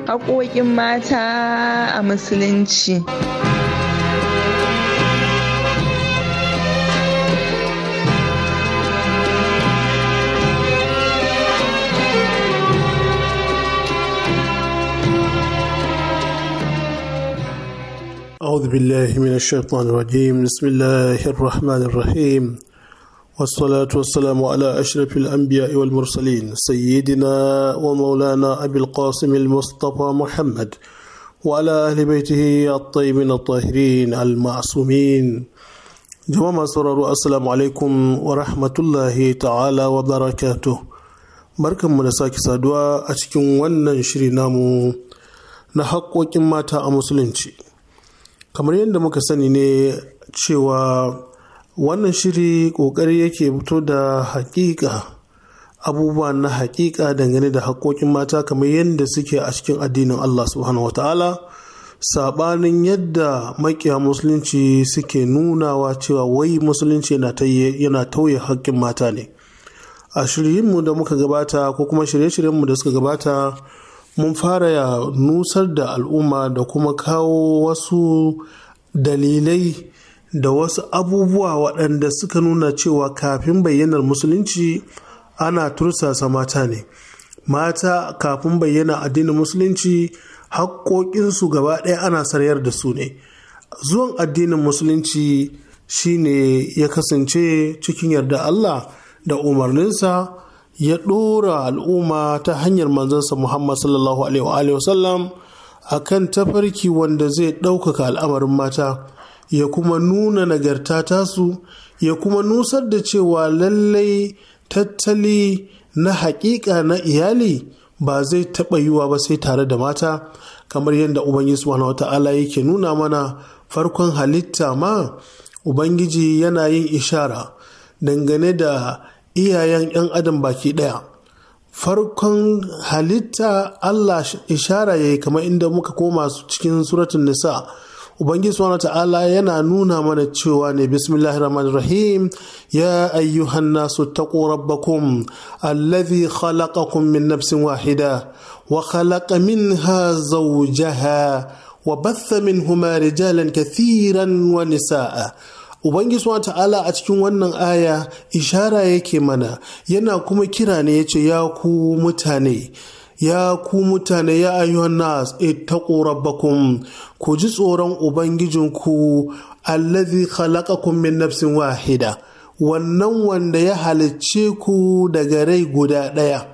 Haƙoƙin mata a musulunci. أعوذ بالله من الشيطان الرجيم بسم الله الرحمن الرحيم والصلاة والسلام على أشرف الأنبياء والمرسلين سيدنا ومولانا أبي القاسم المصطفى محمد وعلى أهل بيته الطيبين الطاهرين المعصومين جماعة سرر السلام عليكم ورحمة الله تعالى وبركاته barkan mu da sake saduwa a cikin wannan shiri namu na haƙoƙin mata a musulunci kamar yadda muka sani ne cewa wannan shiri kokari yake fito da hakika abubuwa na hakika dangane da haƙoƙin mata kamar yadda suke a cikin addinin Allah subhanahu wataala sabanin yadda makiya musulunci suke nunawa cewa wai musulunci yana tauye haƙƙin mata ne a shiryinmu da muka gabata ko kuma shirye-shiryenmu da suka gabata mun fara nusar da al'umma da kuma kawo wasu dalilai da wasu abubuwa waɗanda suka nuna cewa kafin bayyanar musulunci ana tursasa mata ne mata kafin bayyana addinin musulunci haƙoƙinsu gaba ɗaya ana sarayar da su ne zuwan addinin musulunci shine ya kasance cikin yarda allah da umarninsa ya ɗora al'umma ta hanyar manzansa Muhammad sallallahu Alaihi wa sallam, a kan tafarki wanda zai ɗaukaka al'amarin mata ya kuma nuna nagarta tasu ya kuma nusar da cewa lallai tattali na haƙiƙa na iyali ba zai taɓa yiwa ba sai tare da mata kamar yadda Ubangiji subhanahu ta'ala yake nuna mana farkon halitta ma Ubangiji yana yin ishara dangane da iyayen 'yan adam baki ɗaya farkon halitta Allah ishara ya yi kamar inda muka koma cikin suratun nisa Ubangiji subhanahu ta'ala yana nuna mana cewa ne bismillahirrahmanirrahim ya ayyuhan nasu taqu rabbakum allazi khalaqakum min nafsin wahida wa khalaqa minha zawjaha wa batha minhuma rijalan kathiran wa nisaa Ubangiji wa ta'ala a cikin wannan aya ishara yake mana yana kuma kira ne ya ce ya ku mutane ya ku mutane ya ayyuhan nas ittaqu rabbakum ku ji tsoron ubangijinku allazi khalaqakum min nafsin wahida wannan wanda ya halicce ku daga rai guda ɗaya.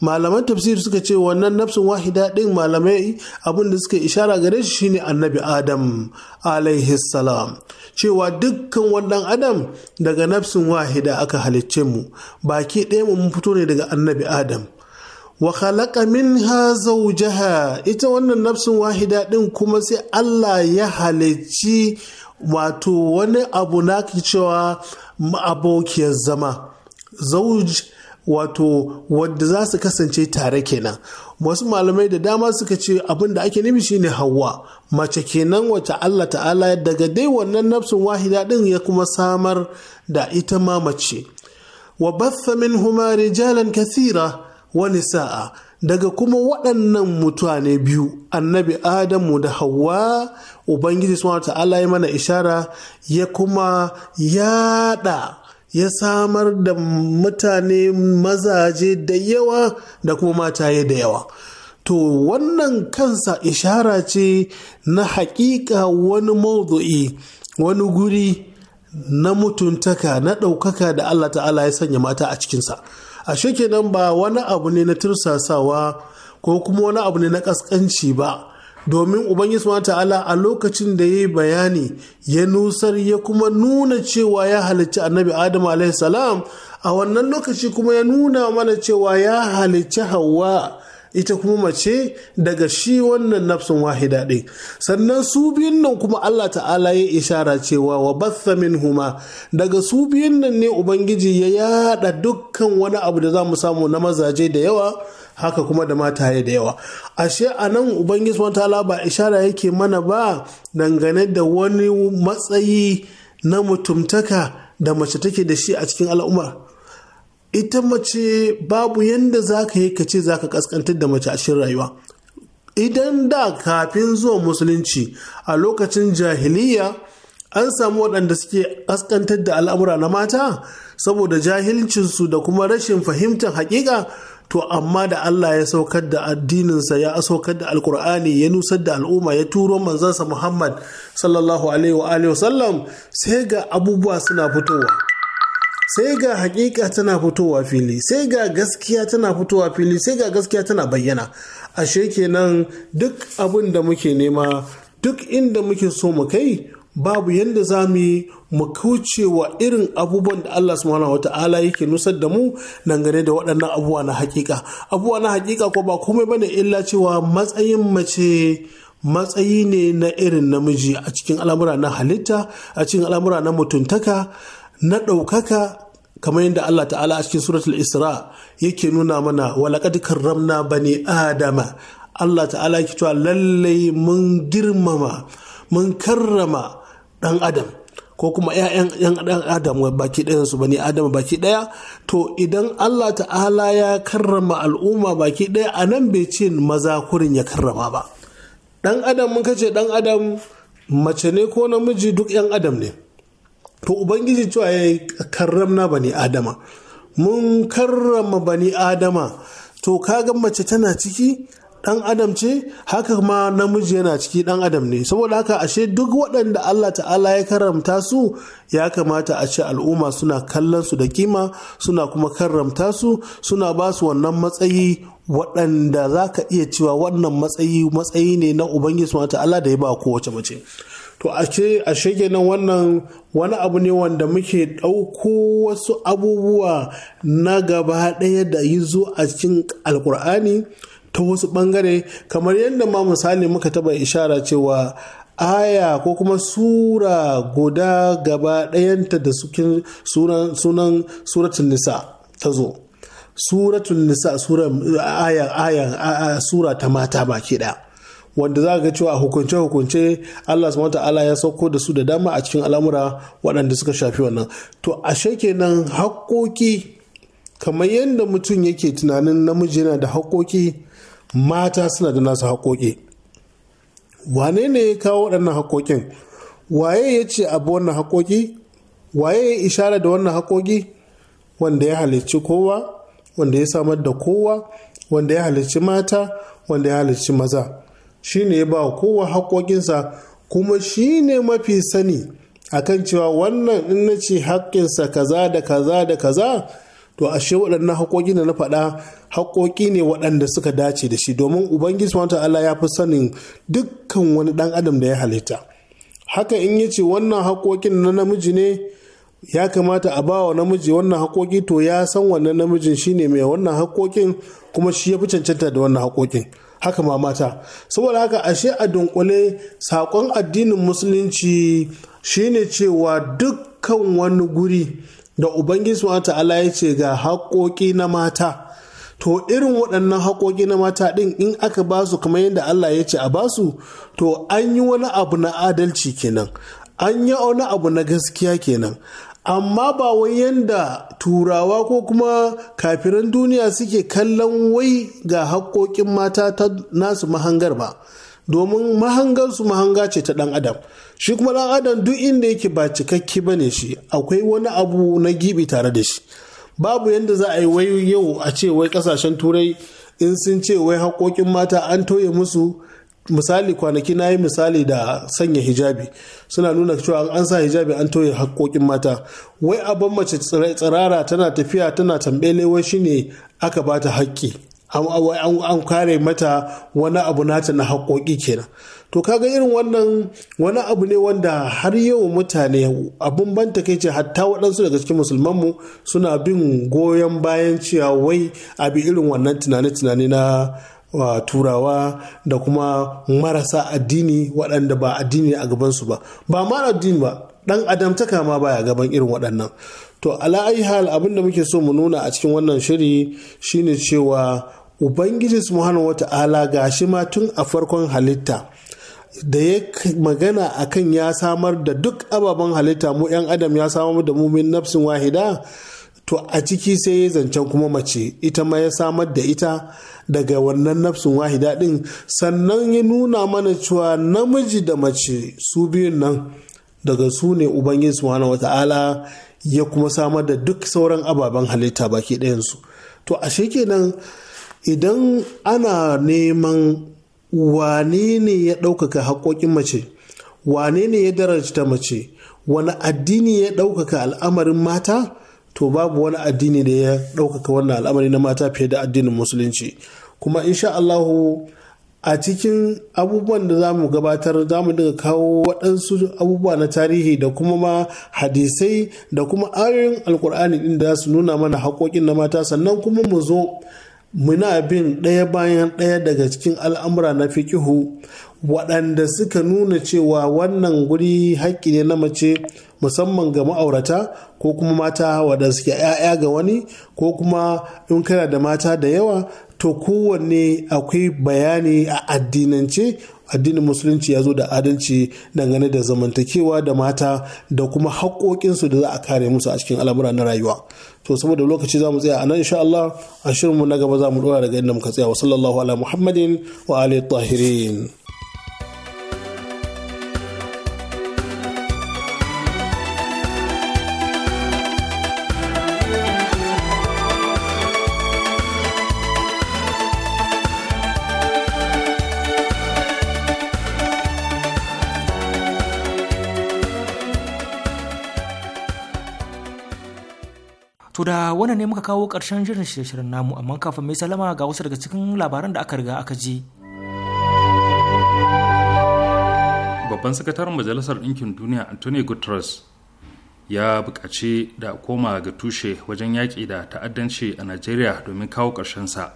malaman tafsir suka ce wannan nafsin wahida ɗin malamai abin da suka ishara gare shi shine annabi adam alaihi salam cewa dukkan wannan adam daga nafsin wahida aka halicce mu baki ɗaya mu mun fito ne daga annabi adam wa khalaqa minha zawjaha ita wannan nafsin wahida din kuma sai Allah ya halicci wato wani abu na cewa abokiyar zama zauj wato wadda za su kasance tare kenan wasu malamai da dama suka ce abin da ake nufi shine hawa mace kenan wacce Allah ta'ala daga dai wannan nafsin wahida din ya kuma samar da ita ma mace wa batha huma rijalan kathira wa nisa'a daga kuma waɗannan mutane biyu annabi adamu da hawa ubangiji subhanahu ta'ala ya mana ishara ya kuma yada ya samar da mutane mazaje da yawa da kuma mataye da yawa to wannan kansa ishara ce na hakika wani maudu'i wani guri na mutuntaka na ɗaukaka da Allah ta'ala ya sanya mata a cikinsa ashe kenan ba wani abu ne na tursasawa ko kuma wani abu ne na ƙasƙanci ba domin ubangiji subhanahu ta'ala a lokacin da ya yi bayani ya nusar ya kuma nuna cewa ya halicci annabi adamu alaihi a wannan lokaci kuma ya nuna mana cewa ya halicci hawa ita kuma mace daga shi wannan nafsin wahida ɗin sannan su biyun nan kuma Allah ta'ala ya ishara cewa wa batha huma daga su biyun nan ne ubangiji ya yada dukkan wani abu da za mu samu na mazaje da yawa haka kuma da mata mataye da yawa ashe a nan ubangiji wata ta'ala ba ishara yake mana ba dangane da wani matsayi na mutumtaka da mace take da shi a cikin al'umma ita mace babu yadda za ka yi ka ce za ka kaskantar da mace a cikin rayuwa idan da kafin zuwa musulunci a lokacin jahiliya an samu waɗanda suke kaskantar da al'amura na mata saboda jahilcinsu da kuma rashin fahimtar hakika to amma da Allah ya saukar da addininsa ya saukar da alkur'ani ya nusar da al'umma ya turo manzansa Muhammad sallallahu alaihi wa sallam sai ga abubuwa suna fitowa sai ga hakika tana fitowa fili sai ga gaskiya tana fitowa fili sai ga gaskiya tana bayyana ashe kenan duk abin da muke nema duk inda muke so mu kai babu yadda za mu yi mu kauce wa irin abubuwan da Allah subhanahu wa ta'ala yake nusar da mu dangane da waɗannan abubuwa na hakika abubuwa na hakika ko ba komai bane illa cewa matsayin mace matsayi ne na irin namiji a cikin al'amura na halitta a cikin al'amura na mutuntaka na ɗaukaka kamar yadda Allah ta'ala a cikin suratul isra yake nuna mana walaƙad karramna bani adama Allah ta'ala ya cewa lallai mun girmama mun karrama ɗan adam ko kuma 'ya'yan ɗan adam baki su bani adam baki ɗaya to idan allah ta'ala ya karrama al'umma baki ɗaya a nan bai ce maza kurin ya karrama ba ɗan adam mun kace ɗan adam mace ne ko namiji duk 'yan adam ne to ubangiji cewa ya yi karramna bani adama mun karrama bani adama to kaga mace tana ciki ɗan adam ce haka ma namiji yana ciki ɗan adam ne saboda haka ashe duk waɗanda Allah ta'ala ya karamta su ya kamata a ce al'umma suna kallon su da kima suna kuma karramta su suna ba su wannan matsayi waɗanda za ka iya cewa wannan matsayi matsayi ne na ubangiji suna ta'ala da ya ba kowace mace to a shege nan wannan wani abu ne wanda muke ɗauko wasu abubuwa na gaba ɗaya da yi zo a cikin alkur'ani ta wasu bangare kamar yadda ma misali muka taba ishara cewa aya ko kuma sura guda gaba ɗayanta da sunan suratun nisa ta zo suratun nisa sura aya sura ta mata baki ɗaya wanda za ga cewa hukunce-hukunce Allah subhanahu ta'ala ya sauko da su da dama a cikin al'amura waɗanda suka shafi wannan to ashe kenan haƙoƙi kamar yadda mutum yake tunanin namiji yana da haƙoƙi mata suna da nasu haƙoƙi wane ne ya kawo waɗannan haƙoƙin waye ya ce abu wannan haƙoƙi waye ya ishara da wannan haƙoƙi wanda ya halicci kowa wanda ya samar da kowa wanda ya halicci mata wanda ya halicci maza shi ne ya ba kowa haƙoƙinsa kuma shi ne mafi sani akan cewa wannan in na ce haƙƙinsa kaza da kaza da kaza to ashe waɗannan haƙoƙi da na faɗa haƙoƙi ne waɗanda suka dace da shi domin ubangiji wata Allah ya fi sanin dukkan wani ɗan adam da ya halitta haka in ya ce wannan haƙoƙin na namiji ne ya kamata a bawa namiji wannan haƙoƙi to ya san wannan namijin shine mai wannan haƙoƙin kuma shi ya fi cancanta da wannan haƙoƙin haka ma mata saboda haka ashe a dunkule saƙon addinin musulunci shine cewa dukkan wani guri da ubangiji subhanahu ta'ala ya ce ga haƙoƙi na mata to irin waɗannan haƙoƙi na mata ɗin in aka ba su kamar yadda Allah ya ce a ba su to an yi wani abu na adalci kenan an yi wani abu na gaskiya kenan amma ba wai yadda turawa ko kuma kafiran duniya suke kallon wai ga haƙoƙin mata ta nasu mahangar ba domin mahangansu mahanga ce ta ɗan adam shi kuma ɗan adam duk inda yake ba cikakke ba ne shi akwai wani abu na gibi tare da shi babu yadda za a yi wai yau a ce wai kasashen turai in sun ce wai haƙoƙin mata an toye musu misali kwanaki na yi misali da sanya hijabi suna nuna cewa an sa hijabi an toye haƙoƙin mata wai abin mace tsirara tana tafiya tana tambele wai shine aka bata haƙƙi an kare mata wani abu nata na haƙoƙi kenan to kaga irin wannan wani abu ne wanda har yau mutane abun ban takaice hatta waɗansu daga cikin musulmanmu suna bin goyon bayan cewa wai abi irin wannan tunane-tunane na turawa da kuma marasa addini waɗanda ba addini a gabansu ba ba ma addini ba ɗan adamtaka ma baya gaban irin waɗannan to ala'ayi hal abin da muke so mu nuna a cikin wannan shiri shine cewa ubangiji subhanahu wata'ala gashi ma tun a farkon halitta da ya magana akan ya samar da duk ababen halitta mu 'yan adam ya samar da mumin nafsin wahida to a ciki sai ya zancen kuma mace ita ma ya samar da ita daga wannan nafsin wahida din sannan ya nuna mana cewa namiji da mace su biyun nan daga su ne ubangiji subhanahu wata'ala ya kuma samar da duk sauran ababen halitta baki ɗayansu to ashe kenan idan ana neman wane ne ya ɗaukaka haƙoƙin mace wane ne ya darajta mace wani addini ya ɗaukaka al'amarin mata to babu wani addini da ya ɗaukaka wannan al'amari na mata fiye da addinin musulunci kuma insha Allahu a cikin abubuwan da za mu gabatar za mu daga kawo waɗansu abubuwa na tarihi da kuma ma hadisai da kuma ayoyin alkur'ani ɗin da su nuna mana haƙoƙin na mata sannan kuma mu zo muna bin ɗaya bayan ɗaya daga cikin al'amura na fikihu waɗanda suka nuna cewa wannan guri haƙƙi ne na mace musamman ga ma'aurata ko kuma mata waɗanda suke 'ya'ya ga wani ko kuma in kana da mata da yawa to kowanne akwai bayani a addinance addinin musulunci ya zo da adalci dangane da zamantakewa da mata da kuma haƙoƙinsu da za a kare musu a cikin al'amura na rayuwa to saboda lokaci za mu tsaya a nan insha Allah a shirinmu na gaba za mu dora daga inda muka tsaya wa sallallahu ala muhammadin wa alihi tahirin wannan ne muka kawo ƙarshen jirin shirin namu amma kafin mai salama ga wasu daga cikin labaran da aka riga aka ji babban sakataren majalisar ɗinkin duniya anthony guterres ya buƙaci da koma ga tushe wajen yaƙi da ta'addanci a najeriya domin kawo sa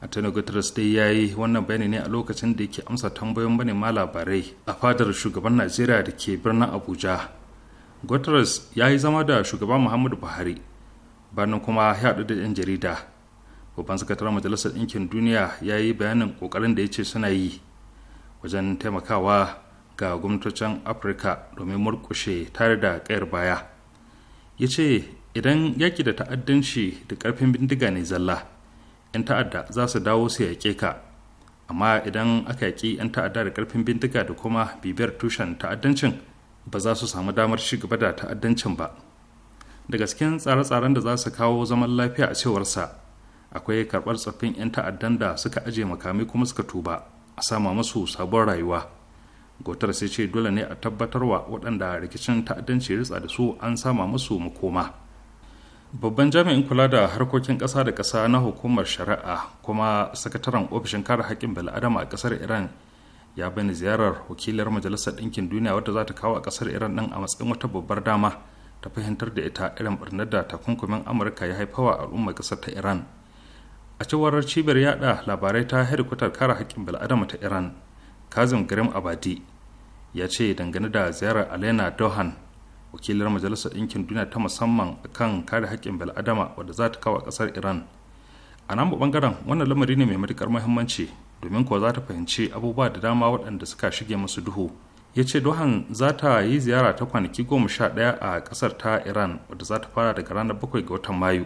antonio guterres dai ya yi wannan bayani ne a lokacin da yake amsa tambayoyin manema labarai a fadar shugaban najeriya da ke birnin abuja guterres ya yi zama da shugaban muhammadu buhari birnin kuma ya haɗu da 'yan jarida babban sakataren majalisar ɗinkin duniya ya yi bayanin ƙoƙarin da ya ce suna yi wajen taimakawa ga gwamnatocin afirka domin murƙushe tare da ƙayar baya ya ce idan yaƙi da ta'addanci da ƙarfin bindiga ne zalla 'yan ta'adda za su dawo su yaƙe ka amma idan aka yaƙi 'yan ta'adda da ƙarfin bindiga da kuma bibiyar tushen ta'addancin ba za su samu damar ci gaba da ta'addancin ba da gasken tsare-tsaren da za su kawo zaman lafiya a cewarsa akwai karɓar tsoffin 'yan ta'addan da suka ajiye makamai kuma suka tuba a sama masu sabon rayuwa gotar sai ce dole ne a tabbatarwa waɗanda rikicin ta'addanci ritsa da su an sama masu makoma babban jami'in kula da harkokin ƙasa da ƙasa na hukumar shari'a kuma sakataren ofishin kare haƙƙin bil'adama a ƙasar iran ya bani ziyarar wakilar majalisar ɗinkin duniya wadda za ta kawo a ƙasar iran ɗin a matsayin wata babbar dama ta fahimtar da ita irin barnar da takunkumin amurka ya haifawa al'ummar kasar ta iran a cewar cibiyar yada labarai ta hedikwatar kare haƙƙin bil'adama ta iran kazim grim abadi ya ce dangane da ziyarar alena dohan wakilar majalisar ɗinkin duniya ta musamman kan kare haƙƙin bil'adama wadda za ta kawo ƙasar iran a nan bangaren wannan lamari ne mai matuƙar muhimmanci domin kuwa za ta fahimci abubuwa da dama waɗanda suka shige musu duhu ya ce dohan za ta yi ziyara ta kwanaki goma sha ɗaya a ƙasar ta iran wadda za ta fara daga ranar bakwai ga watan mayu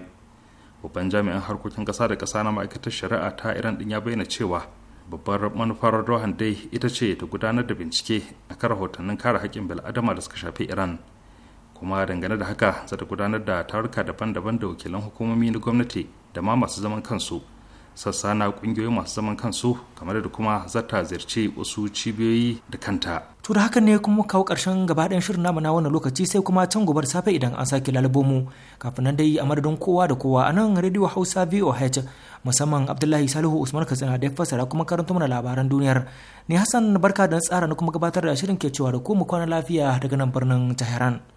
babban jami'an harkokin ƙasa da ƙasa na ma'aikatar shari'a ta iran ɗin ya bayyana cewa babbar manufar dohan dai ita ce ta gudanar da bincike a kan rahotannin kare haƙƙin bil'adama da suka shafi iran kuma dangane da haka za ta gudanar da taruka daban-daban da wakilan hukumomi na gwamnati da ma masu zaman kansu sassa na kungiyoyi masu zaman kansu kamar da kuma za ta ziyarci wasu cibiyoyi da kanta To da haka ne kuma kawo ƙarshen gabaɗayan shirin namu na wannan lokaci sai kuma can gobar safe idan an sake lalabomu kafin nan dai a madadin kowa da kowa a nan rediyo Hausa VOH musamman Abdullahi Salihu Usman Katsina da ya fassara kuma karanta mana labaran duniyar. Ni Hassan barka da tsara na kuma gabatar da shirin ke cewa da ku mu kwana lafiya daga nan birnin Tehran.